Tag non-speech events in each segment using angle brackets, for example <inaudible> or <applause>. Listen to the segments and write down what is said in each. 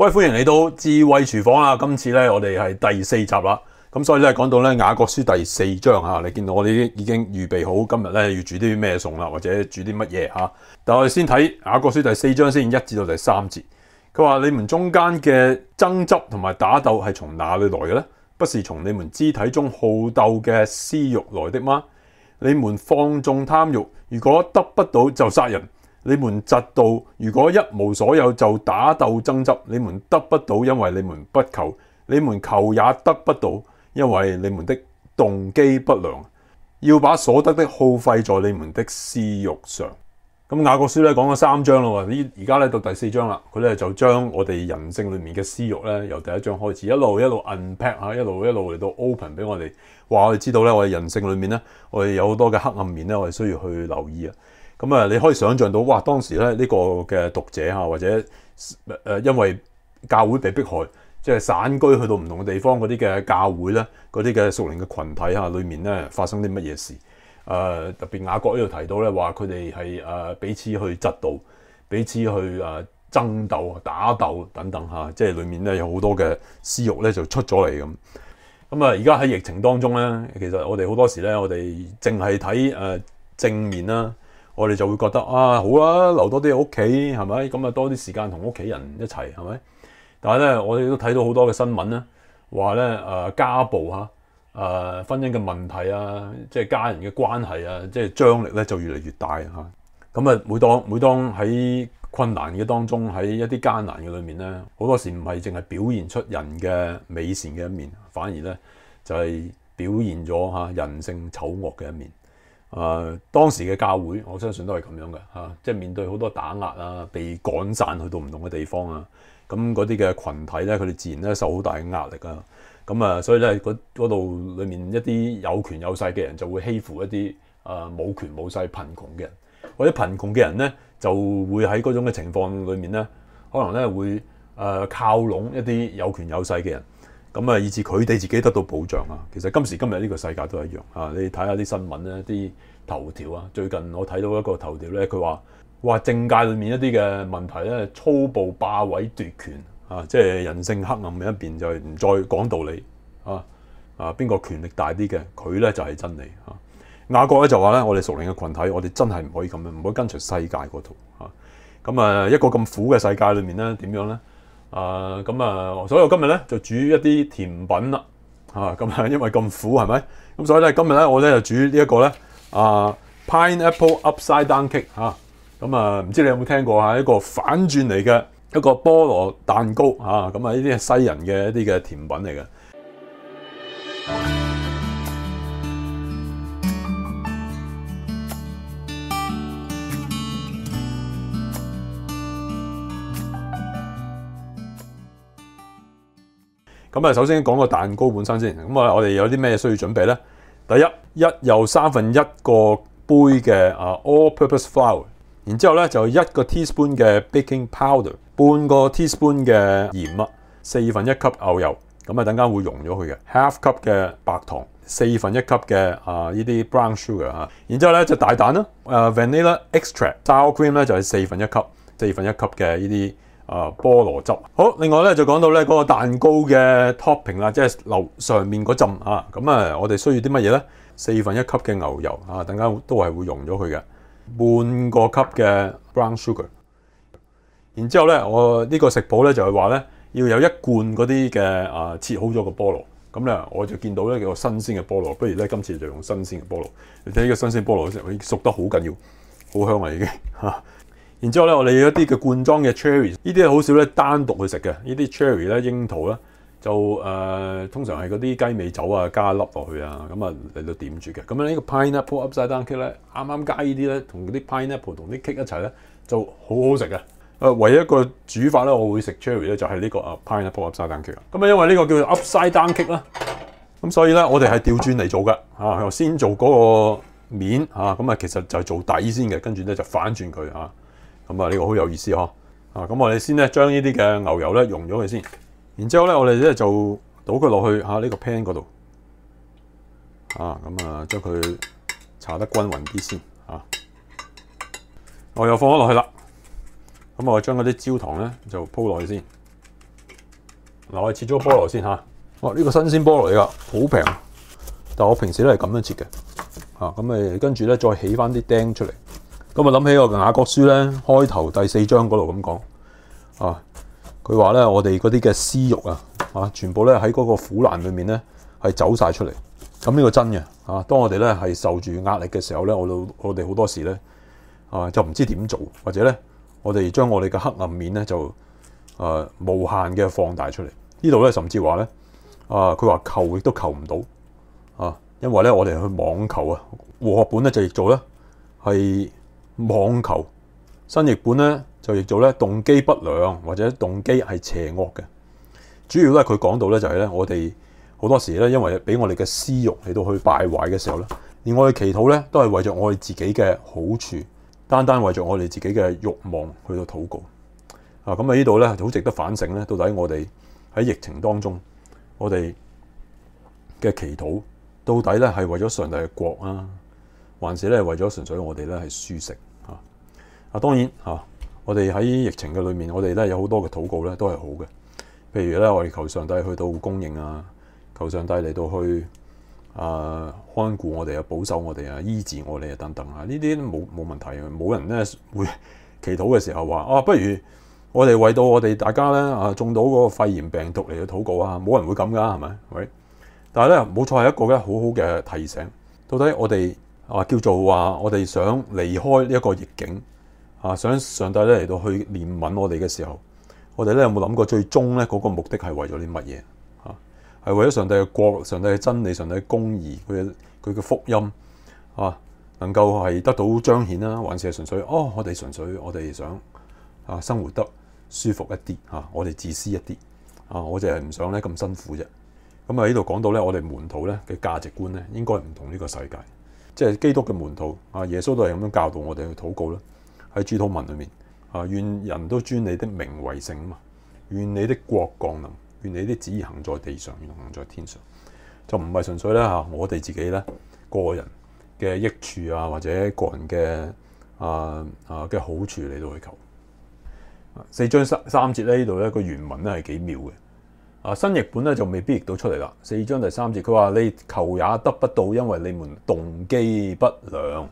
喂，歡迎嚟到智慧廚房啊！今次咧，我哋係第四集啦，咁所以咧，講到咧雅各書第四章啊，你見到我哋已經預備好，今日咧要煮啲咩餸啦，或者煮啲乜嘢吓？但我哋先睇雅各書第四章先，一至到第三節，佢話：你們中間嘅爭執同埋打鬥係從哪裏來嘅呢？不是從你們肢體中好鬥嘅私欲來的嗎？你們放縱貪欲，如果得不到就殺人。你們嫉妒，如果一無所有就打鬥爭執，你們得不到，因為你們不求；你們求也得不到，因為你們的動機不良，要把所得的耗費在你們的私欲上。咁雅各書咧講咗三章啦，依而家咧到第四章啦，佢咧就將我哋人性裏面嘅私欲咧，由第一章開始一路一路 unpack 吓一路一路嚟到 open 俾我哋，話我哋知道咧，我哋人性裏面咧，我哋有好多嘅黑暗面咧，我哋需要去留意啊。咁啊，你可以想象到，哇！當時咧呢、這個嘅讀者啊，或者、呃、因為教會被迫害，即係散居去到唔同嘅地方嗰啲嘅教會咧，嗰啲嘅屬靈嘅群體啊，裏面咧發生啲乜嘢事？呃、特別雅各呢度提到咧，話佢哋係彼此去嫉妒，彼此去誒、呃、爭鬥、打鬥等等嚇、啊，即係裏面咧有好多嘅私欲咧就出咗嚟咁。咁、嗯、啊，而家喺疫情當中咧，其實我哋好多時咧，我哋淨係睇正面啦。我哋就會覺得啊，好啊，留多啲喺屋企，係咪？咁啊，多啲時間同屋企人一齊，係咪？但係咧，我哋都睇到好多嘅新聞咧，話咧誒家暴嚇，誒婚姻嘅問題啊，即係家人嘅關係啊，即係張力咧就越嚟越大嚇。咁啊，每當每當喺困難嘅當中，喺一啲艱難嘅裏面咧，好多時唔係淨係表現出人嘅美善嘅一面，反而咧就係表現咗嚇人性醜惡嘅一面。誒、呃、當時嘅教會，我相信都係咁樣嘅嚇、啊，即係面對好多打壓啊，被趕散去到唔同嘅地方啊，咁嗰啲嘅群體咧，佢哋自然咧受好大嘅壓力啊，咁啊，所以咧嗰度裏面一啲有權有勢嘅人就會欺負一啲誒冇權冇勢貧窮嘅人，或者貧窮嘅人咧就會喺嗰種嘅情況裏面咧，可能咧會誒、呃、靠攏一啲有權有勢嘅人。咁啊，以致佢哋自己得到保障啊！其實今時今日呢個世界都一樣啊！你睇下啲新聞咧，啲頭條啊，最近我睇到一個頭條咧，佢話：哇，政界裏面一啲嘅問題咧，粗暴霸位奪權啊！即係人性黑暗嘅一邊，就係唔再講道理啊！啊，邊個權力大啲嘅，佢咧就係真理啊！雅各咧就話咧，我哋屬靈嘅群體，我哋真係唔可以咁樣，唔可以跟隨世界嗰套啊！咁啊，一個咁苦嘅世界裏面咧，點樣咧？啊，咁啊，所以我今日咧就煮一啲甜品啦，嚇、啊，咁啊，因為咁苦係咪？咁所以咧今日咧我咧就煮呢、這、一個咧，啊，pineapple upside down cake，咁啊，唔、啊、知你有冇聽過嚇、啊，一個反轉嚟嘅一個菠蘿蛋糕，嚇，咁啊，呢啲係西人嘅一啲嘅甜品嚟嘅。咁啊，首先講個蛋糕本身先。咁啊，我哋有啲咩需要準備咧？第一，一又三分一個杯嘅啊 all-purpose flour，然之後咧就一個 teaspoon 嘅 baking powder，半個 teaspoon 嘅鹽啊，四分一 cup 牛油，咁啊等間會，會溶咗佢嘅。Half cup 嘅白糖，四分一 cup 嘅啊呢啲 brown sugar 然之後咧就大蛋啦、呃、，vanilla extract，sour cream 咧就係四分一 cup 四分一 cup 嘅呢啲。啊菠蘿汁好，另外咧就講到咧嗰、嗰個蛋糕嘅 topping 啦，即係流上面嗰浸啊。咁啊，啊，我哋需要啲乜嘢咧？四分一 cup 嘅牛油啊，等間都係會溶咗佢嘅。半個 cup 嘅 brown sugar。然之後咧，我呢個食譜咧就係話咧要有一罐嗰啲嘅啊切好咗嘅菠蘿。咁、啊、咧我就見到咧個新鮮嘅菠蘿，不如咧今次就用新鮮嘅菠蘿。你睇呢個新鮮菠蘿先，熟得好緊要，好香啊已經嚇。啊然之後咧，我哋有一啲嘅罐裝嘅 cherry，呢啲係好少咧單獨去食嘅。呢啲 cherry 咧，櫻桃咧，就、呃、通常係嗰啲雞尾酒啊加粒落去啊，咁啊嚟到點住嘅。咁樣呢個 pineapple upside down cake 咧，啱啱加呢啲咧，同嗰啲 pineapple 同啲 cake 一齊咧就好好食嘅。誒、唯一一個煮法咧，我會食 cherry 咧，就係呢個 pineapple upside down cake。咁啊，因為呢個叫做 upside down cake 啦，咁所以咧我哋係調轉嚟做㗎。嚇、啊，先做嗰個面啊，咁啊其實就係做底先嘅，跟住咧就反轉佢嚇。啊咁啊，呢個好有意思呵！啊，咁我哋先咧將呢啲嘅牛油咧溶咗佢先，然之後咧我哋咧就倒佢落去嚇呢個 pan 嗰度，啊，咁、這個、啊將佢炒得均勻啲先嚇。啊啊、我又放咗落去啦，咁我將嗰啲焦糖咧就鋪落去先。嗱，我哋切咗菠蘿先哇！呢個新鮮菠蘿嚟噶，好平。但係我平時都係咁樣切嘅，咁、啊、誒跟住咧再起翻啲釘出嚟。咁啊諗起個雅各書咧，開頭第四章嗰度，咁講啊，佢話咧我哋嗰啲嘅私欲啊啊，全部咧喺嗰個苦難裏面咧係走晒出嚟。咁呢個真嘅啊，當我哋咧係受住壓力嘅時候咧，我哋我哋好多時咧啊，就唔知點做，或者咧我哋將我哋嘅黑暗面咧就誒、啊、無限嘅放大出嚟。呢度咧甚至話咧啊，佢話求亦都求唔到啊，因為咧我哋去妄求啊，和學本咧就亦做咧係。妄求新譯本咧，就譯做咧動機不良或者動機係邪惡嘅。主要咧佢講到咧就係、是、咧，我哋好多時咧，因為俾我哋嘅私欲嚟到去敗壞嘅時候咧，連我哋祈禱咧都係為咗我哋自己嘅好處，單單為咗我哋自己嘅慾望去到禱告。啊，咁喺呢度咧好值得反省咧，到底我哋喺疫情當中，我哋嘅祈禱到底咧係為咗上帝嘅國啊，還是咧為咗純粹我哋咧係舒適？啊，當然嚇我哋喺疫情嘅裏面，我哋咧有多好多嘅禱告咧都係好嘅。譬如咧，我哋求上帝去到供應啊，求上帝嚟到去啊看顧我哋啊，保守我哋啊，醫治我哋啊，等等啊，呢啲冇冇問題。冇人咧會祈禱嘅時候話啊，不如我哋為到我哋大家咧啊中到嗰個肺炎病毒嚟到禱告啊，冇人會咁㗎，係咪？但係咧冇錯係一個咧好好嘅提醒。到底我哋啊叫做話，啊，我哋想離開呢一個逆境。啊！想上帝咧嚟到去憐憫我哋嘅時候，我哋咧有冇諗過最終咧嗰個目的係為咗啲乜嘢？係為咗上帝嘅國，上帝嘅真理，上帝嘅公義，佢佢嘅福音啊，能夠係得到彰顯啦，還是係純粹哦？我哋純粹我哋想啊，生活得舒服一啲吓，我哋自私一啲啊，我哋係唔想咧咁辛苦啫。咁啊，呢度講到咧，我哋門徒咧嘅價值觀咧，應該唔同呢個世界，即係基督嘅門徒啊，耶穌都係咁樣教導我哋去禱告啦。喺主禱文裏面，啊，願人都尊你的名為聖啊！願你的國降臨，願你的旨意行在地上，如同行在天上。就唔係純粹咧，吓我哋自己咧個人嘅益處啊，或者個人嘅啊啊嘅好處你都去求。四章三三節呢度咧個原文咧係幾妙嘅，啊新譯本咧就未必譯到出嚟啦。四章第三節佢話你求也得不到，因為你們動機不良。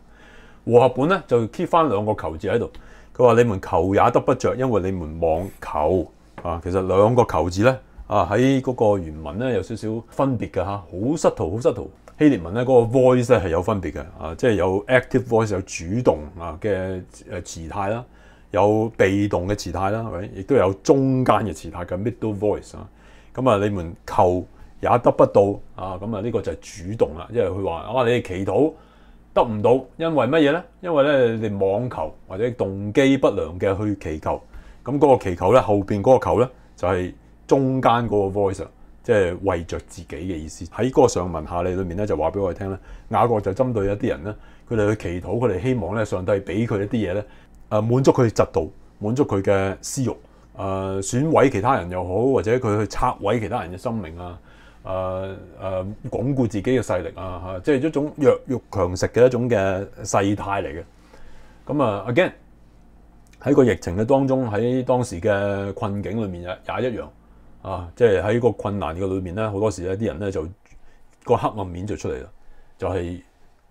和合本咧就 keep 翻兩個求字喺度，佢話你們求也得不着，因為你們望求啊。其實兩個求字咧啊，喺嗰個原文咧有少少分別嘅好失圖，好失圖。希臘文咧嗰、那個 voice 咧係有分別嘅啊，即係有 active voice 有主動啊嘅誒時態啦，有被動嘅時態啦，亦、啊、都有中間嘅時態嘅 middle voice 啊。咁啊，你們求也得不到啊，咁啊呢個就係主動啦，因為佢話啊，你哋祈禱。得唔到，因為乜嘢咧？因為咧，你哋妄求或者動機不良嘅去祈求，咁嗰個祈求咧，後邊嗰個求咧，就係、是、中間嗰個 voice 即係為着自己嘅意思。喺嗰個上文下理裏面咧，就話俾我哋聽咧，雅各就針對一啲人咧，佢哋去祈禱，佢哋希望咧，上帝俾佢一啲嘢咧，誒、呃、滿足佢嘅嫉妒，滿足佢嘅私欲，誒損毀其他人又好，或者佢去拆毀其他人嘅生命啊。誒誒，鞏、啊啊、固自己嘅勢力啊，吓、啊，即係一種弱肉強食嘅一種嘅世態嚟嘅。咁啊，again 喺個疫情嘅當中，喺當時嘅困境裏面也一樣啊，即係喺個困難嘅裏面咧，好多時咧啲人咧就個黑暗面就出嚟啦，就係、是、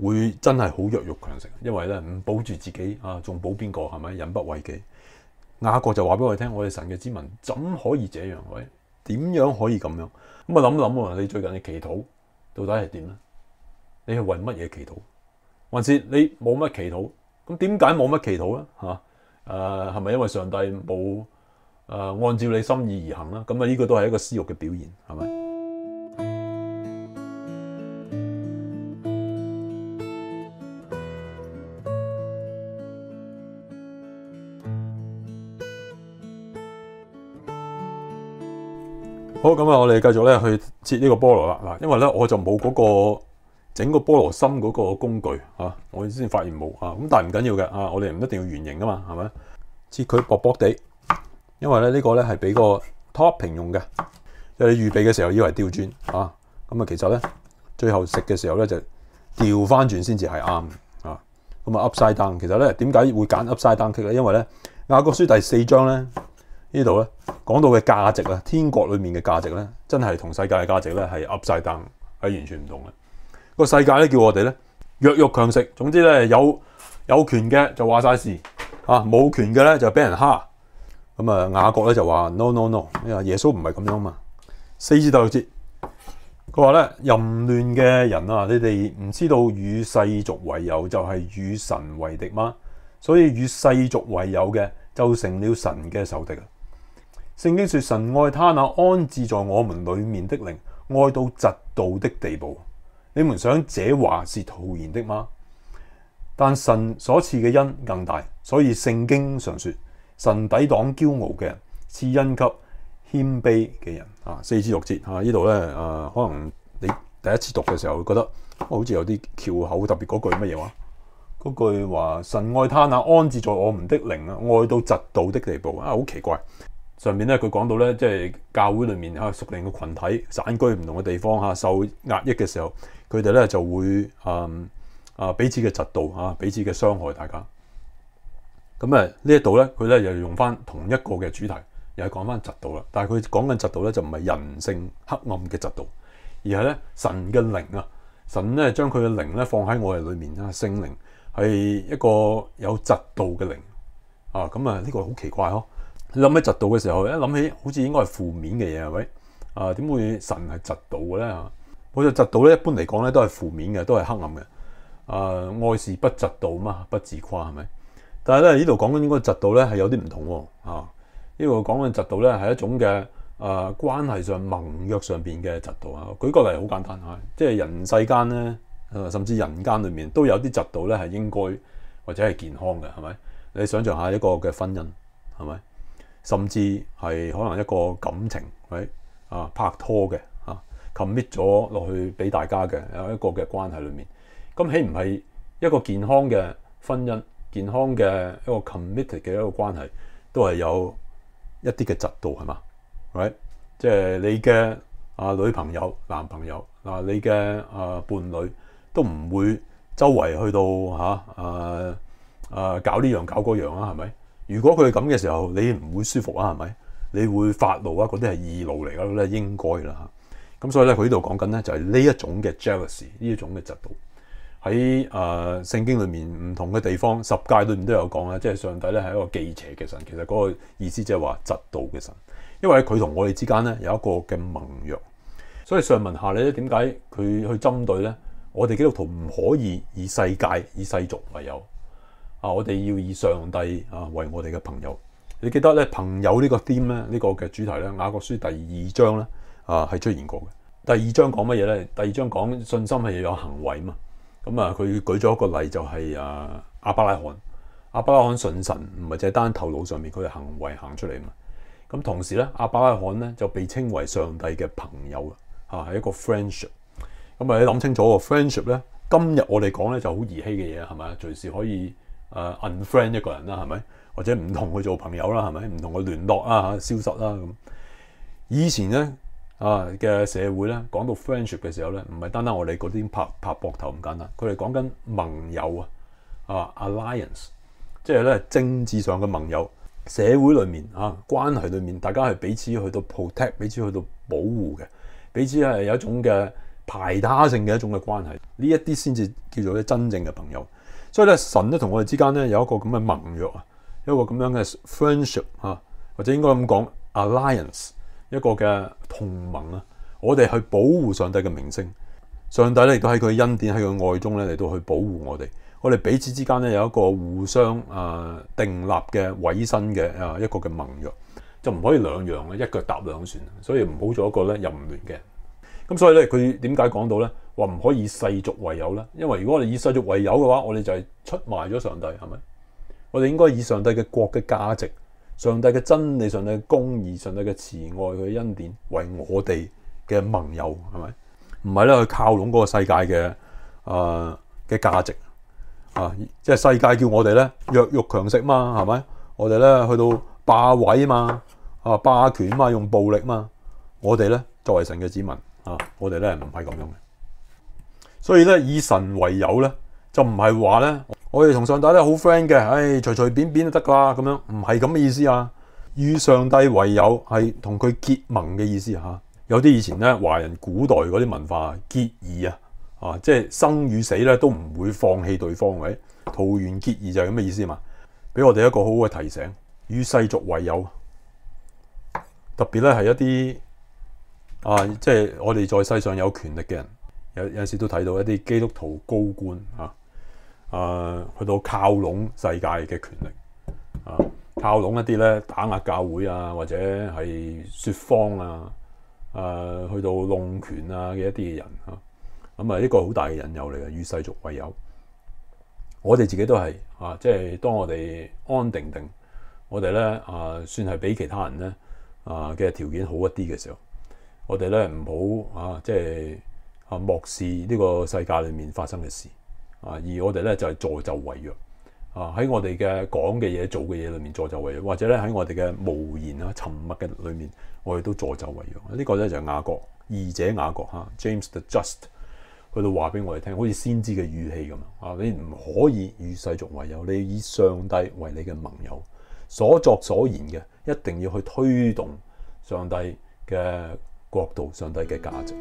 會真係好弱肉強食，因為咧唔保住自己啊，仲保邊個係咪？人不，不為己，雅各就話俾我哋聽，我哋神嘅子民怎可以這樣？喂！點樣可以咁樣咁啊諗諗啊你最近嘅祈禱到底係點呢？你係為乜嘢祈禱？還是你冇乜祈禱？咁點解冇乜祈禱呢？吓、啊、誒，係咪因為上帝冇誒、啊、按照你心意而行呢？咁啊呢個都係一個私欲嘅表現，係咪？是好咁啊！我哋繼續咧去切呢個菠蘿啦。嗱，因為咧我就冇嗰、那個整個菠蘿心嗰個工具啊，我先發現冇啊。咁但係唔緊要嘅啊，我哋唔一定要圓形噶嘛，係咪？切佢薄薄地，因為咧呢、這個咧係俾個 topping 用嘅、啊啊。因為你預備嘅時候要係吊轉啊，咁啊其實咧最後食嘅時候咧就調翻轉先至係啱啊。咁啊 Upside down，其實咧點解會揀 Upside down cake 咧？因為咧雅各書第四章咧。呢度咧講到嘅價值啊，天國裏面嘅價值咧，真係同世界嘅價值咧係 up 晒燈，係完全唔同嘅。個世界咧叫我哋咧弱肉強食，總之咧有有權嘅就話晒事啊，冇權嘅咧就俾人蝦。咁啊雅各咧就話 no no no，耶穌唔係咁樣嘛。四至第六節，佢話咧淫亂嘅人啊，你哋唔知道與世俗為友就係、是、與神為敵嗎？所以與世俗為友嘅就成了神嘅仇敵啊！聖經說，神愛他那安置在我們裏面的靈，愛到嫉妒的地步。你們想這話是徒然的嗎？但神所賜嘅恩更大，所以聖經常說，神抵擋驕傲嘅人，賜恩給謙卑嘅人啊，四。啊，四至六節啊，呢度咧可能你第一次讀嘅時候會覺得，好似有啲翹口，特別嗰句乜嘢話？嗰句話，神愛他那安置在我們的靈啊，愛到嫉妒的地步啊，好奇怪。上面咧，佢講到咧，即係教會裏面嚇屬靈嘅羣體，散居唔同嘅地方嚇，受壓抑嘅時候，佢哋咧就會誒啊，彼此嘅嫉妒，啊，彼此嘅傷、啊、害大家。咁誒呢一度咧，佢咧又用翻同一個嘅主題，又係講翻嫉妒啦。但係佢講緊嫉妒咧，就唔係人性黑暗嘅嫉妒，而係咧神嘅靈啊，神咧將佢嘅靈咧放喺我哋裏面啊，聖靈係一個有嫉妒嘅靈啊，咁啊呢個好奇怪呵。你諗起嫉妒嘅時候，一諗起好似應該係負面嘅嘢，係咪啊？點會神係嫉妒嘅咧？好似嫉妒咧，一般嚟講咧都係負面嘅，都係黑暗嘅。啊、呃，愛是不嫉妒嘛，不自誇，係咪？但係咧呢這裏講的度講緊應該嫉妒咧係有啲唔同啊，呢度講緊嫉妒咧係一種嘅啊關係上盟約上邊嘅嫉妒啊。舉個例好簡單啊，即係人世間咧、啊，甚至人間裏面都有啲嫉妒咧係應該或者係健康嘅，係咪？你想象一下一個嘅婚姻係咪？是甚至係可能一個感情，係啊拍拖嘅啊 commit 咗落去俾大家嘅有一個嘅關係裏面，咁係唔係一個健康嘅婚姻、健康嘅一個 committed 嘅一個關係，都係有一啲嘅質度係嘛？係咪即係你嘅啊女朋友、男朋友嗱，你嘅啊伴侶都唔會周圍去到嚇啊啊搞呢樣搞嗰樣啊係咪？如果佢咁嘅時候，你唔會舒服啊，係咪？你會發怒啊，嗰啲係易怒嚟嘅咧，應該啦嚇。咁所以咧，佢呢度講緊咧，就係呢一種嘅 jealousy，呢一種嘅嫉妒。喺誒聖經裏面唔同嘅地方，十戒裏面都有講啊。即係上帝咧係一個忌邪嘅神。其實嗰個意思即係話嫉妒嘅神，因為佢同我哋之間咧有一個嘅盟約。所以上文下理咧，點解佢去針對咧？我哋基督徒唔可以以世界、以世俗為友。啊！我哋要以上帝啊為我哋嘅朋友。你記得咧，朋友呢個 theme 咧？呢個嘅主題咧，《雅各書第、啊》第二章咧啊，係出現過嘅。第二章講乜嘢咧？第二章講信心係要有行為嘛。咁、嗯、啊，佢舉咗一個例就係、是、啊亞伯拉罕。亞伯拉罕信神唔係就係單頭腦上面，佢嘅行，行為行出嚟嘛。咁、嗯、同時咧，亞伯拉罕咧就被稱為上帝嘅朋友啊，係一個 friendship。咁、嗯、啊，你諗清楚個 friendship 咧，今日我哋講咧就好兒戲嘅嘢，係咪？隨時可以。誒 unfriend 一個人啦，係咪？或者唔同佢做朋友啦，係咪？唔同佢聯絡啊，消失啦咁。以前咧啊嘅社會咧，講到 friendship 嘅時候咧，唔係單單我哋嗰啲拍拍膊頭咁簡單。佢哋講緊盟友啊，啊 alliance，即係咧政治上嘅盟友，社會裏面啊關係裡面，大家係彼此去到 protect，彼此去到保護嘅，彼此係有一種嘅排他性嘅一種嘅關係。呢一啲先至叫做咧真正嘅朋友。所以咧，神咧同我哋之間咧有一個咁嘅盟約啊，一個咁樣嘅 friendship 啊，或者應該咁講 alliance，一個嘅同盟啦。我哋去保護上帝嘅名聲，上帝咧亦都喺佢恩典喺佢愛中咧嚟到去保護我哋。我哋彼此之間咧有一個互相啊呃、訂立嘅委身嘅啊一個嘅盟約，就唔可以兩樣嘅，一腳踏兩船，所以唔好做一個咧淫亂嘅。咁所以咧，佢點解講到咧？話唔可以以世俗為友咧，因為如果我哋以世俗為友嘅話，我哋就係出賣咗上帝，係咪？我哋應該以上帝嘅國嘅價值、上帝嘅真理、上帝嘅公義、上帝嘅慈愛、佢嘅恩典為我哋嘅盟友，係咪？唔係咧，去靠攏嗰個世界嘅啊嘅價值啊，即係世界叫我哋咧弱肉強食嘛，係咪？我哋咧去到霸位嘛啊嘛啊霸權啊嘛，用暴力啊嘛，我哋咧作為神嘅子民。啊！我哋咧唔係咁樣嘅，所以咧以神為友咧就唔係話咧我哋同上帝咧好 friend 嘅，唉、哎，隨隨便便就得啦咁樣，唔係咁嘅意思啊！與上帝為友係同佢結盟嘅意思吓、啊，有啲以前咧華人古代嗰啲文化結義啊，啊，即係生與死咧都唔會放棄對方，係咪？桃園結義就係咁嘅意思嘛、啊，俾我哋一個好好嘅提醒，與世俗為友，特別咧係一啲。啊，即係我哋在世上有權力嘅人，有有陣時都睇到一啲基督徒高官啊，啊，去到靠攏世界嘅權力啊，靠攏一啲咧打壓教會啊，或者係説謊啊，誒、啊，去到弄權啊嘅一啲嘅人啊，咁啊，一個好大嘅引誘嚟嘅，與世俗為友。我哋自己都係啊，即係當我哋安定定，我哋咧啊，算係比其他人咧啊嘅條件好一啲嘅時候。我哋咧唔好啊，即、就、係、是、啊，漠視呢個世界裏面發生嘅事啊。而我哋咧就係、是、助紂為虐啊，喺我哋嘅講嘅嘢、做嘅嘢裏面助紂為虐，或者咧喺我哋嘅無言啊、沉默嘅裏面，我哋都助紂為虐。這個、呢個咧就係雅各二者雅各嚇 James the Just 佢都話俾我哋聽，好似先知嘅語氣咁啊。你唔可以與世俗為友，你要以上帝為你嘅盟友，所作所言嘅一定要去推動上帝嘅。.國度，上帝嘅價值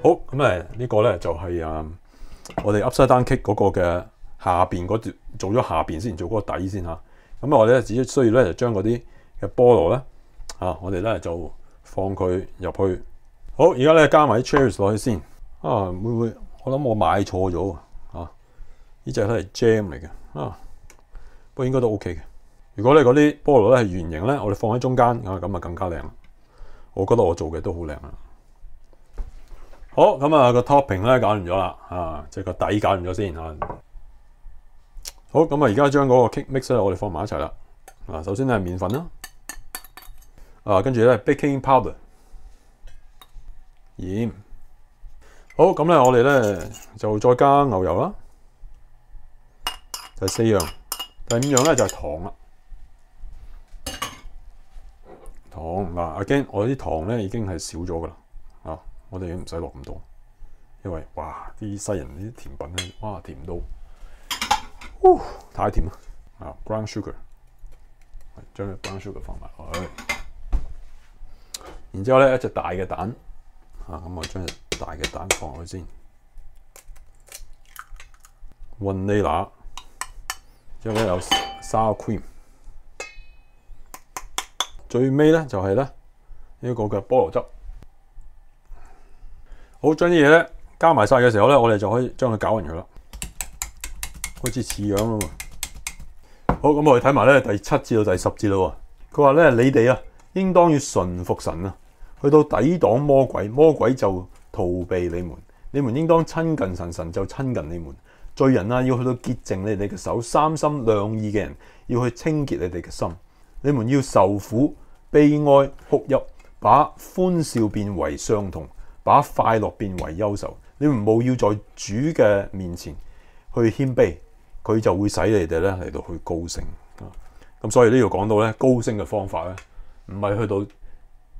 好咁咧。那這個、呢、就是、那個咧就係啊，我哋 upside down cake 嗰個嘅下邊嗰段做咗下邊先，做嗰個底先嚇。咁我咧只需要咧就將嗰啲嘅菠蘿咧啊，我哋咧就放佢入去。好，而家咧加埋啲 cherry 落去先啊。會唔會？我諗我買錯咗。呢隻都係 jam 嚟嘅啊，不過應該都 OK 嘅。如果你嗰啲菠蘿咧係圓形咧，我哋放喺中間啊，咁啊更加靚。我覺得我做嘅都好靚。好，咁啊個 topping 咧搞完咗啦啊，即係個底搞完咗先。好，咁啊而家將嗰個 mix 我哋放埋一齊啦。啊，首先咧麵粉啦，啊跟住咧 baking powder，鹽。好，咁咧我哋咧、啊啊、就再加牛油啦。第四樣，第五樣咧就係、是、糖啦。糖嗱，阿堅，again，我啲糖咧已經係少咗噶啦啊！我哋已經唔使落咁多，因為哇啲西人啲甜品咧，哇甜到，哦、太甜啦啊！Brown sugar，將 brown sugar 放埋去。然之後咧一隻大嘅蛋啊，咁我將隻大嘅蛋放落去先 vanilla 之後咧有沙 cream，最尾咧就係咧呢一個嘅菠蘿汁。好，將啲嘢咧加埋晒嘅時候咧，我哋就可以將佢攪勻佢啦，好似似樣啊嘛。好，咁我哋睇埋咧第七至到第十節啦。佢話咧，你哋啊，應當要順服神啊，去到抵擋魔鬼，魔鬼就逃避你們；你們應當親近神，神就親近你們。罪人啊，要去到潔淨你哋嘅手；三心兩意嘅人，要去清潔你哋嘅心。你們要受苦、悲哀、哭泣，把歡笑變為傷痛，把快樂變為憂愁。你們務要在主嘅面前去謙卑，佢就會使你哋咧嚟到去高，高升。咁所以呢度講到咧高升嘅方法咧，唔係去到。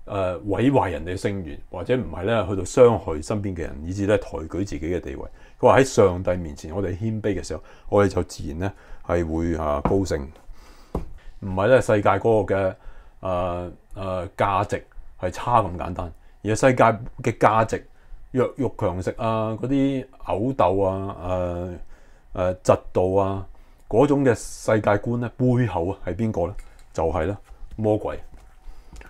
誒毀壞人哋嘅聲譽，或者唔係咧去到傷害身邊嘅人，以至咧抬舉自己嘅地位。佢話喺上帝面前，我哋謙卑嘅時候，我哋就自然咧係會啊高升，唔係咧世界嗰個嘅誒誒價值係差咁簡單。而係世界嘅價值弱肉強食、呃、啊，嗰啲毆鬥啊，誒誒嫉妒啊，嗰種嘅世界觀咧背後啊係邊個咧？就係、是、啦，魔鬼。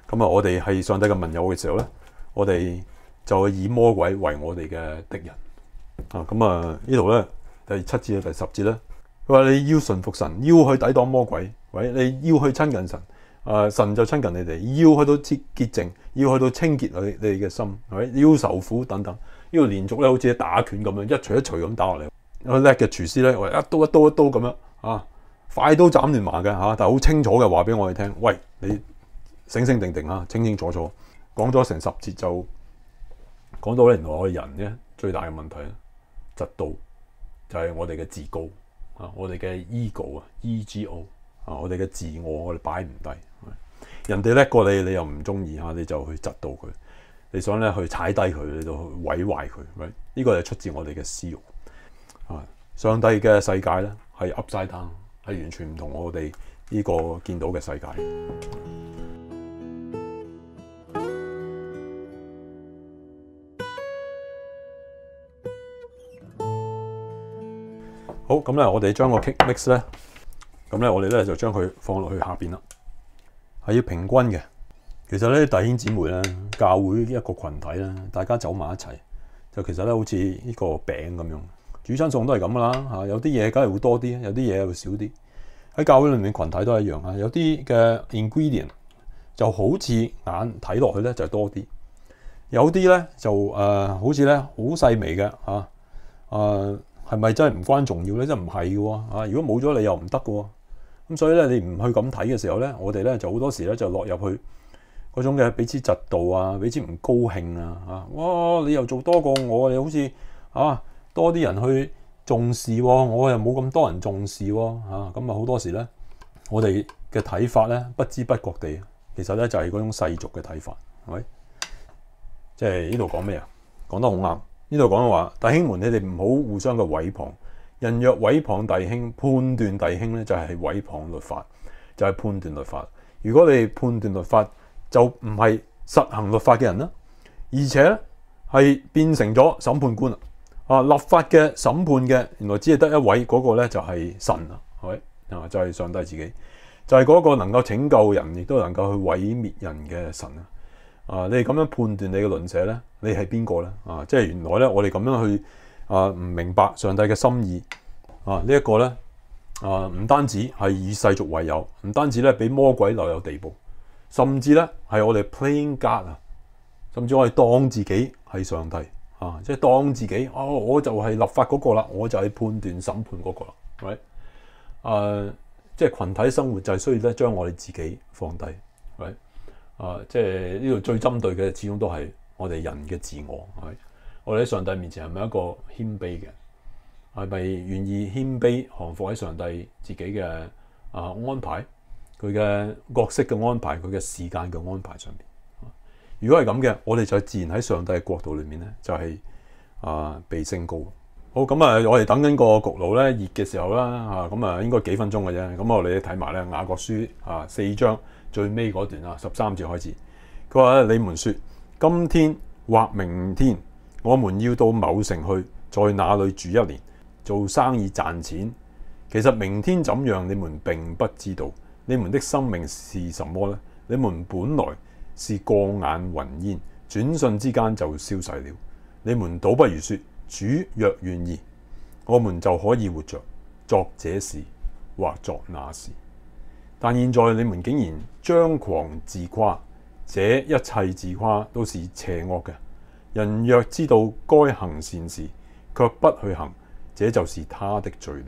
咁啊、嗯，我哋係上帝嘅盟友嘅時候咧，我哋就以魔鬼為我哋嘅敵人啊！咁、嗯、啊、嗯、呢度咧第七節第十節呢，佢話你要順服神，要去抵擋魔鬼，喂，你要去親近神，呃、神就親近你哋，要去到接潔淨，要去到清潔你你嘅心，係要受苦等等，呢度連續咧好似打拳咁樣，一錘一錘咁打落嚟。啊，叻嘅廚師咧，我一刀一刀一刀咁樣啊，快刀斬亂麻嘅吓、啊，但係好清楚嘅話俾我哋聽，喂，你。醒醒定定啊，清清楚楚，講咗成十節就講到咧，原來我嘅人咧最大嘅問題咧，窒到就係我哋嘅自高啊，我哋嘅 ego 啊，ego 啊，我哋嘅自我我哋擺唔低，人哋叻過你，你又唔中意嚇，你就去窒到佢，你想咧去踩低佢，你就去毀壞佢，呢個係出自我哋嘅私慾啊！上帝嘅世界咧係 upside down，係完全唔同我哋呢個見到嘅世界。好咁咧，我哋將個 cake mix 咧，咁咧我哋咧就將佢放落去下邊啦。係要平均嘅。其實咧，弟兄姊妹咧，教會一個群體咧，大家走埋一齊，就其實咧好似呢個餅咁樣，煮餐餸都係咁噶啦。吓，有啲嘢梗係會多啲，有啲嘢會少啲。喺教會裏面群體都係一樣一、呃、啊。有啲嘅 ingredient 就好似眼睇落去咧就多啲，有啲咧就誒，好似咧好細微嘅吓，誒。係咪真係唔關重要咧？真唔係嘅喎，啊！如果冇咗你又唔得嘅喎，咁所以咧，你唔去咁睇嘅時候咧，我哋咧就好多時咧就落入去嗰種嘅彼此嫉妒啊，彼此唔高興啊，嚇！哇！你又做多過我，你好似啊多啲人去重視喎，啊，我又冇咁多人重視喎，啊，咁啊好多時咧，我哋嘅睇法咧，不知不覺地其實咧就係嗰種世俗嘅睇法，係咪？即係呢度講咩啊？講得好啱。呢度講嘅話，弟兄們，你哋唔好互相嘅毀謗。人若毀謗弟兄，判斷弟兄呢就係毀謗律法，就係、是、判斷律法。如果你判斷律法，就唔係實行律法嘅人啦。而且係變成咗審判官啦。啊，立法嘅審判嘅，原來只係得一位嗰、那個呢，就係神啦，係咪？就係上帝自己，就係、是、嗰個能夠拯救人，亦都能夠去毀滅人嘅神啦。啊！你哋咁樣判斷你嘅鄰舍咧？你係邊個咧？啊！即係原來咧，我哋咁樣去啊唔明白上帝嘅心意啊！這個、呢一個咧啊，唔單止係以世俗為友，唔單止咧俾魔鬼留有地步，甚至咧係我哋 playing god 啊！甚至我哋當自己係上帝啊！即係當自己哦，我就係立法嗰個啦，我就係判斷審判嗰個啦，係咪？誒，即係群體生活就係需要咧，將我哋自己放低，係咪？啊，即係呢度最針對嘅，始終都係我哋人嘅自我，係我哋喺上帝面前係咪一個謙卑嘅？係咪願意謙卑、降服喺上帝自己嘅啊安排，佢嘅角色嘅安排，佢嘅時間嘅安排上面？啊、如果係咁嘅，我哋就自然喺上帝嘅角度裏面咧，就係、是、啊被升高。好咁、嗯、啊，我哋等緊個焗爐咧熱嘅時候啦，啊咁啊應該幾分鐘嘅啫。咁、嗯、我哋睇埋咧雅各書啊四章。最尾嗰段啊，十三節開始，佢話：你們説今天或明天，我們要到某城去，在那裏住一年，做生意賺錢。其實明天怎樣，你們並不知道。你們的生命是什麼呢？你們本來是過眼雲煙，轉瞬之間就消逝了。你們倒不如説，主若願意，我們就可以活着，作這事，或作那事。但現在你們竟然張狂自誇這一切自誇都是邪惡嘅。人若知道該行善事，卻不去行，這就是他的罪了。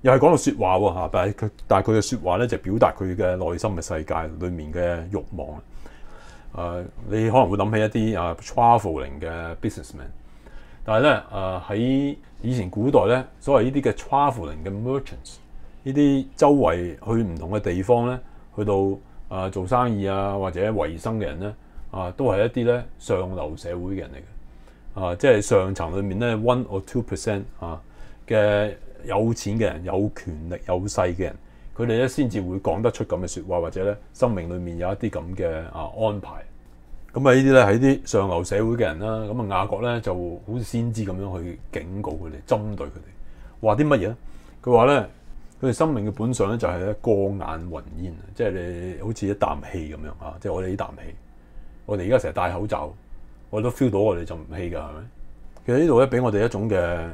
又係講到說話喎嚇，但係佢但係佢嘅説話咧就表達佢嘅內心嘅世界裏面嘅欲望啊。誒，你可能會諗起一啲啊 travelling 嘅 businessman，但係咧誒喺以前古代咧，所謂呢啲嘅 travelling 嘅 merchants。呢啲周圍去唔同嘅地方咧，去到啊、呃、做生意啊或者維生嘅人咧，啊都係一啲咧上流社會嘅人嚟嘅，啊即係上層裡面咧 one or two percent 啊嘅有錢嘅人、有權力有勢嘅人，佢哋咧先至會講得出咁嘅説話，或者咧生命裡面有一啲咁嘅啊安排。咁啊這些呢啲咧喺啲上流社會嘅人啦，咁啊雅各咧就好似先知咁樣去警告佢哋，針對佢哋話啲乜嘢咧？佢話咧。佢哋生命嘅本相咧就係咧過眼雲煙啊！即係你好似一啖氣咁樣嚇，即係我哋呢啖氣。我哋而家成日戴口罩，我都 feel 到我哋就唔氣㗎，係咪？其實呢度咧俾我哋一種嘅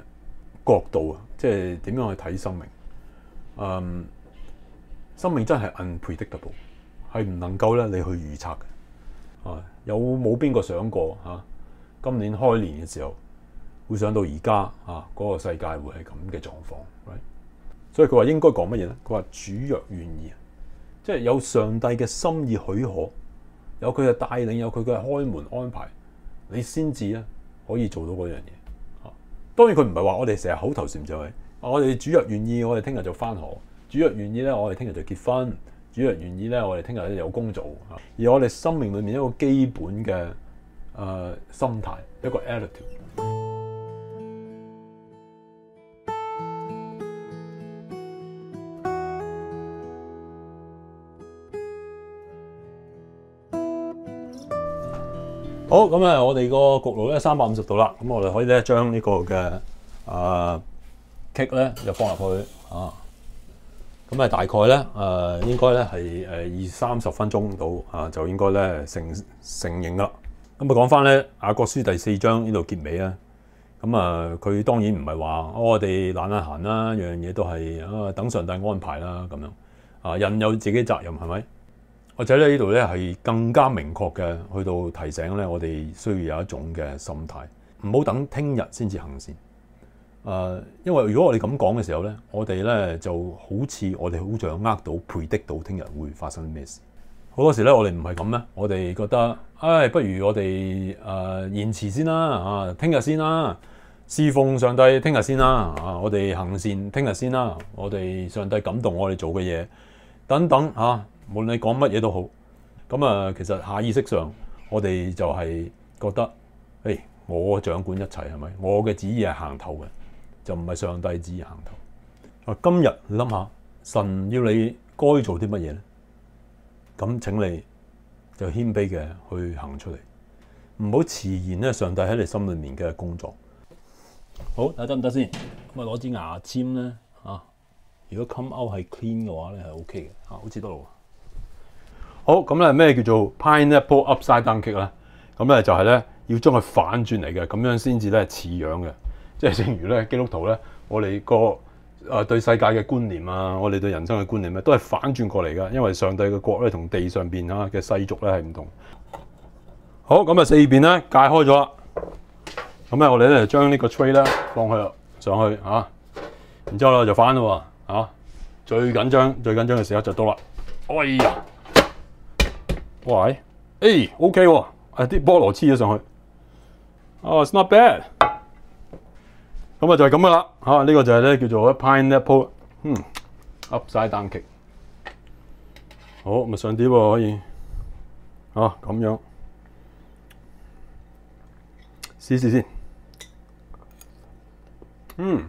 角度啊，即係點樣去睇生命。嗯，生命真係 unpredictable，係唔能夠咧你去預測嘅。啊，有冇邊個想過嚇，啊，今年開年嘅時候會想到而家啊，嗰個世界會係咁嘅狀況。Right? 所以佢話應該講乜嘢咧？佢話主若願意，即係有上帝嘅心意許可，有佢嘅帶領，有佢嘅開門安排，你先至啊可以做到嗰樣嘢。當然佢唔係話我哋成日口頭禪就係我哋主若願意，我哋聽日就返學；主若願意咧，我哋聽日就結婚；主若願意咧，我哋聽日咧有工做。而我哋生命裏面一個基本嘅誒、呃、心態，一個 attitude。好，咁啊，我哋個焗爐咧三百五十度啦，咁我哋可以咧將呢個嘅 cake 咧又放入去啊，咁啊大概咧誒、啊，應該咧係誒二三十分鐘到啊，就應該咧成成形啦。咁啊，講翻咧雅各書第四章呢度結尾啊，咁啊，佢當然唔係話哦，我哋懶懶閒啦，樣嘢都係啊，等上帝安排啦，咁樣啊，人有自己責任係咪？或者呢度呢係更加明確嘅，去到提醒呢我哋需要有一種嘅心態，唔好等聽日先至行善。誒、呃，因為如果我哋咁講嘅時候呢，我哋呢就好似我哋好掌握到配得到聽日會發生咩事。好多時呢，我哋唔係咁咧，我哋覺得，唉、哎，不如我哋誒、呃、延遲先啦，嚇，聽日先啦，侍奉上帝聽日先啦，啊，我哋行善聽日先啦，我哋上帝感動我哋做嘅嘢等等嚇。啊無論你講乜嘢都好，咁啊，其實下意識上我哋就係覺得，誒，我掌管一切係咪？我嘅旨意係行頭嘅，就唔係上帝旨意行頭。啊，今日你諗下，神要你該做啲乜嘢咧？咁，請你就謙卑嘅去行出嚟，唔好遲延咧，上帝喺你心裏面嘅工作。好，睇得唔得先？咁啊，攞支牙籤咧，吓、啊，如果 come out 係 clean 嘅話咧，係 OK 嘅，吓，好似得啦。好咁咧，咩叫做 pineapple upside down cake 咧？咁咧就係咧要將佢反轉嚟嘅，咁樣先至咧似樣嘅。即係正如咧基督徒咧，我哋個誒對世界嘅觀念啊，我哋對人生嘅觀念咧，都係反轉過嚟噶。因為上帝嘅國咧同地上邊啊嘅世俗咧係唔同。好，咁啊四邊咧解開咗，咁呢，我哋咧將呢個 tray 咧放去上去啊，然之後咧就翻喎啊！最緊張最緊張嘅時刻就到啦！哎呀！喂，哎，o k 喎，欸 OK、啊啲菠蘿黐咗上去，哦、oh,，it's not bad。咁啊就係咁噶啦，吓、這、呢個就係咧叫做一 pineapple，嗯，upside down cake，好咪上碟喎可以，啊咁樣，試試先。嗯，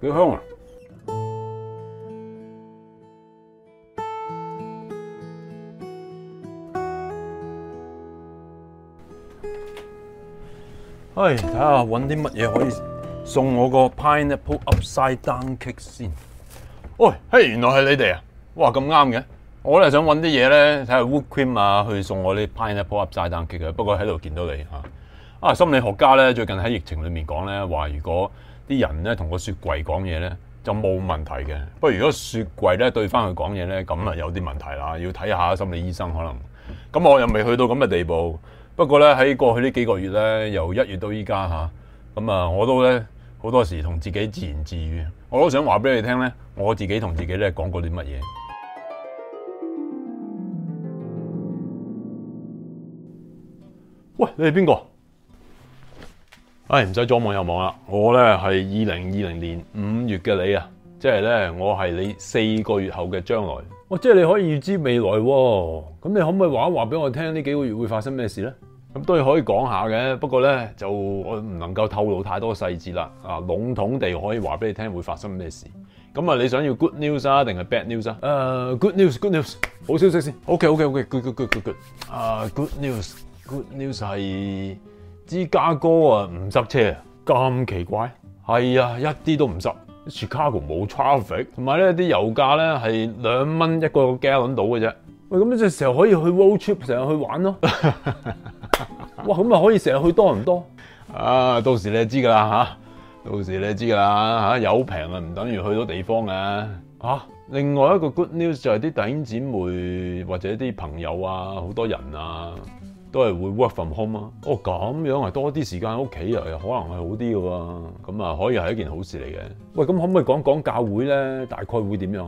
幾香啊。唉，睇下搵啲乜嘢可以送我個 pineapple upside down cake 先。喂，嘿，原來係你哋啊！哇，咁啱嘅。我咧想搵啲嘢咧，睇下 wood cream 啊，去送我啲 pineapple upside down cake 嘅。不過喺度見到你吓，啊，心理學家咧最近喺疫情裏面講咧，話如果啲人咧同個雪櫃講嘢咧，就冇問題嘅。不過如果雪櫃咧對翻佢講嘢咧，咁啊有啲問題啦，要睇下心理醫生可能。咁我又未去到咁嘅地步。不過呢，喺過去呢幾個月呢，由一月到而家吓，咁啊，我都呢，好多時同自己自言自語，我都想話俾你聽呢，我自己同自己呢，講過啲乜嘢。喂，你係邊個？哎，唔使左望右望啦，我呢係二零二零年五月嘅你啊，即係呢，我係你四個月後嘅將來。哇！即係你可以預知未來喎，咁你可唔可以話一話俾我聽呢幾個月會發生咩事咧？咁當然可以講下嘅，不過咧就我唔能夠透露太多細節啦。啊，籠統地可以話俾你聽會發生咩事。咁啊，你想要 good news 啊，定係 bad news 啊？誒，good news，good news，好消息先。OK，OK，OK，good，good，good，good，啊，good news，good news 係芝加哥啊唔塞車啊，咁奇怪？係啊，一啲都唔塞。Chicago 冇 traffic，同埋咧啲油價咧係兩蚊一個 gallon 到嘅啫。喂，咁你就成日可以去 road trip，成日去玩咯，啊。 <laughs> 哇，咁啊可以成日去多唔多啊？啊，到時你就知噶啦，到時你知噶啦，油平啊，唔等於去到地方嘅啊，另外一個 good news 就係啲弟兄姊妹或者啲朋友啊，好多人啊。都係會 work from home 啊！哦，咁樣啊，多啲時間喺屋企又可能係好啲嘅喎，咁啊可以係一件好事嚟嘅。喂，咁可唔可以講講教會咧？大概會點樣？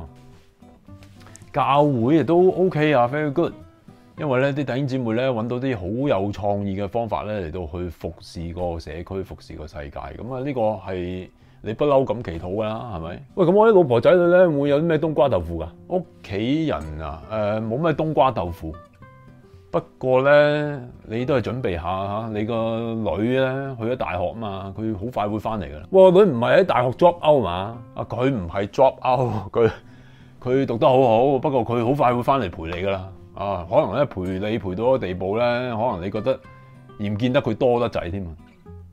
教會亦都 OK 啊，very good，因為咧啲弟兄姊妹咧揾到啲好有創意嘅方法咧嚟到去服侍個社區、服侍個世界，咁啊呢個係你不嬲咁祈禱㗎啦，係咪？喂，咁我啲老婆仔女咧會有啲咩冬瓜豆腐㗎？屋企人啊，呃，冇咩冬瓜豆腐。不過呢，你都係準備下嚇，你個女呢，去咗大學啊嘛，佢好快會翻嚟噶啦。哇，佢唔係喺大學 drop out 嘛，啊，佢唔係 drop out，佢佢讀得好好，不過佢好快會翻嚟陪你噶啦。啊，可能咧陪你陪到個地步呢，可能你覺得唔見得佢多得滯添啊，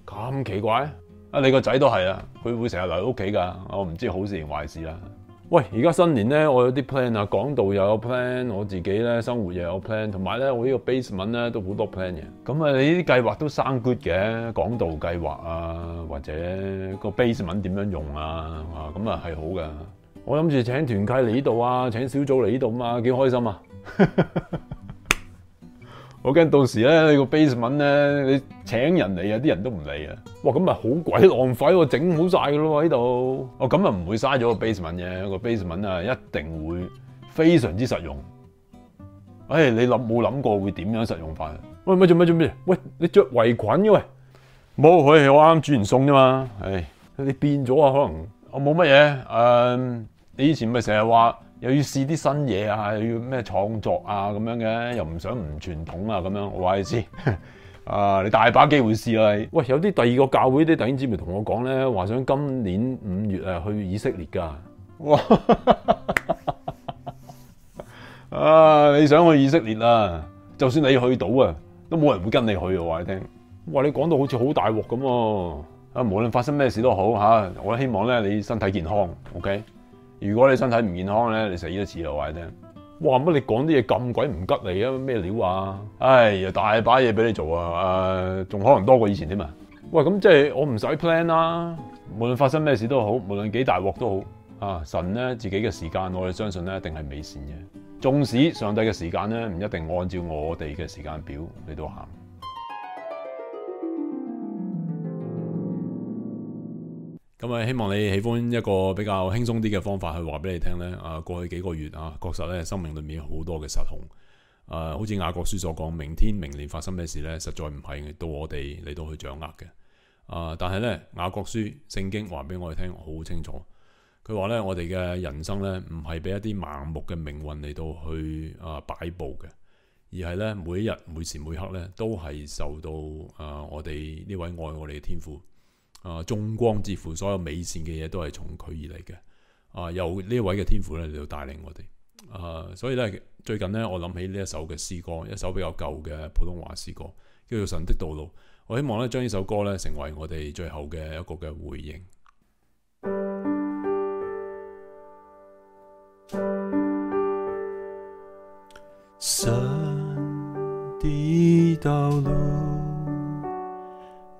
咁奇怪啊？你個仔都係啊，佢會成日留喺屋企噶，我唔知好事定壞事啦。喂，而家新年咧，我有啲 plan 啊，講道又有 plan，我自己咧生活又有 plan，同埋咧我呢個 basement 咧都好多 plan 嘅。咁啊，你呢啲計劃都 sound good 嘅，講道計劃啊，或者個 basement 點樣用啊，咁啊係好㗎。我諗住請團契嚟呢度啊， <laughs> 請小組嚟呢度啊嘛，幾開心啊！ <laughs> 我驚到時咧、你個 basement 咧，你請人嚟啊，啲人都唔嚟啊。哇，咁咪好鬼浪費喎，整好晒嘅咯喎，喺度。哦，咁咪唔會嘥咗個 basement 嘅，個 basement 啊一定會非常之實用。誒、哎，你諗冇諗過會點樣實用法？喂，乜做乜做乜？喂，你着圍裙嘅喂。冇，佢我啱啱煮完餸啫嘛。誒、哎，你變咗啊？可能我冇乜嘢。嗯、呃，你以前咪成日話。又要試啲新嘢啊，又要咩創作啊咁樣嘅，又唔想唔傳統啊咁樣，我話你知啊，你大把機會試啦。喂，有啲第二個教會啲弟兄姊妹同我講咧，話想今年五月啊去以色列噶。哇！ <laughs> 啊，你想去以色列啊？就算你去到啊，都冇人會跟你去。我話你聽，哇！你講到好似好大鑊咁喎。啊，無論發生咩事都好嚇，啊，我都希望咧你身體健康。OK。如果你身體唔健康咧，你死多次又話你聽。哇！乜你講啲嘢咁鬼唔吉利什麼啊？咩料啊？哎呀，大把嘢俾你做啊！誒、呃，仲可能多過以前添嘛？喂，咁即係我唔使 plan 啦，無論發生咩事都好，無論幾大鑊都好啊！神咧自己嘅時間，我哋相信咧一定係美善嘅，縱使上帝嘅時間咧唔一定按照我哋嘅時間表嚟到行。咁啊，希望你喜歡一個比較輕鬆啲嘅方法去話俾你聽咧。啊，過去幾個月啊，確實咧，生命裏面好多嘅失控。誒、啊，好似雅各書所講，明天、明年發生咩事咧，實在唔係到我哋嚟到去掌握嘅。啊，但係咧，雅各書聖經話俾我哋聽好清楚，佢話咧，我哋嘅人生咧，唔係俾一啲盲目嘅命運嚟到去啊擺布嘅，而係咧每一日、每時每刻咧，都係受到啊我哋呢位愛我哋嘅天父。啊，眾、呃、光之父所有美善嘅嘢都係從佢而嚟嘅，啊、呃，由呢位嘅天父咧嚟到帶領我哋，啊、呃，所以咧最近咧我諗起呢一首嘅詩歌，一首比較舊嘅普通話詩歌，叫做《神的道路》，我希望咧將呢將首歌咧成為我哋最後嘅一個嘅回應。神的道路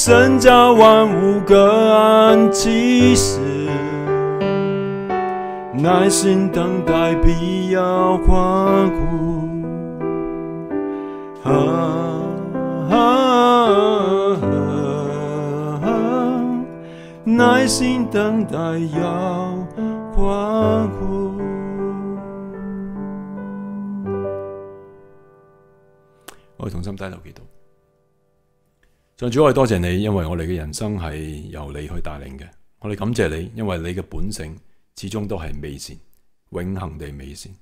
身在萬物各安其時，耐心等待必要眷顧。啊，耐心等待要眷顧。我哋同心低頭祈主，主，我多謝你，因為我哋嘅人生係由你去帶領嘅。我哋感謝你，因為你嘅本性始終都係美善，永恒地美善。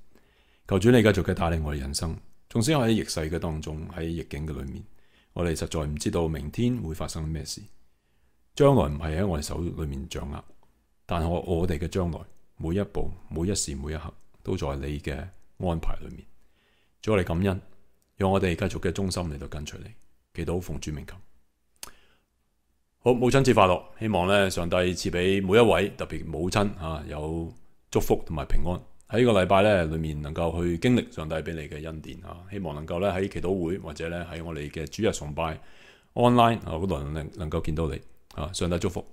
求主你繼續帶領我哋人生，縱使喺逆世嘅當中，喺逆境嘅裏面，我哋實在唔知道明天會發生咩事。將來唔係喺我哋手裏面掌握，但係我哋嘅將來每一步、每一時、每一刻，都在你嘅安排裏面。主，我哋感恩，讓我哋繼續嘅忠心嚟到跟隨你，祈禱奉主名求。好，母親節快樂！希望咧上帝賜俾每一位特別母親啊有祝福同埋平安，喺呢個禮拜咧裏面能夠去經歷上帝俾你嘅恩典啊！希望能夠咧喺祈禱會或者咧喺我哋嘅主日崇拜 online 啊嗰度能能夠見到你啊！上帝祝福。